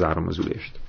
Zárom az ülést.